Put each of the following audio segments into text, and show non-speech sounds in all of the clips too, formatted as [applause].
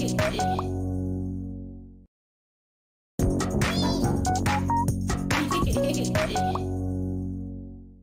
Thank [laughs] you.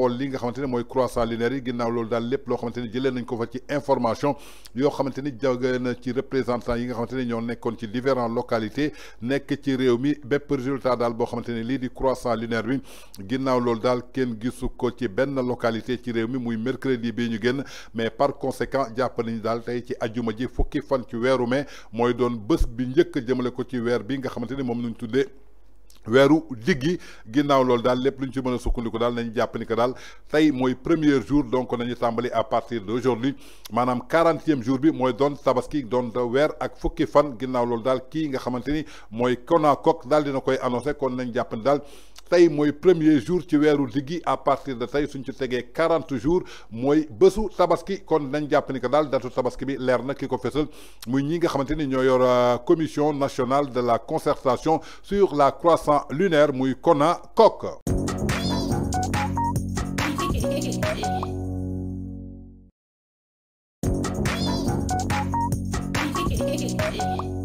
xool li nga xamanteni moy mooy croissant linéaire ginnaw ginnaaw dal lepp lo xamanteni jëlé nañ ko fa ci information yo xamanteni ni na ci représentant yi nga xamanteni ñoo nekkon ci différents localités nekk ci réew mi bép résultat dal bo xamanteni li di croissant linéaire bi ginnaw loolu dal kenn gisu ko ci benn localité ci réew mi muy mercredi bi ñu genn mais par conséquent jàpp nañu dal tay ci aljuma ji fukki fan ci wéru mai moy doon bés bi njëkk jëmele ko ci wér bi nga xamanteni mom nuñ tuddé vers diggi ginnaw loolu daal lepp luñ ci mëna a sukkandiku daal nañu jàpp ni daal tay moy premier jour donc nañu tàmbali à partir d'aujourd'hui. manam 40e jour bi moy don tabaski doon weer ak fukki fan ginnaw loolu daal ki nga xamanteni moy mooy Konakok daal dina koy annoncer kon nañ jàpp ni daal tey premier jour ci weeru diggi à partir de tay suñ ci tegee 40 jours moy bésu tabaski kon nañ jàpp ni que daal datu tabaski bi leer na ki ko muy ñi nga xamanteni ni yor euh, commission nationale de la concertation sur la croissance croissant lunaire muy kona coque Thank you.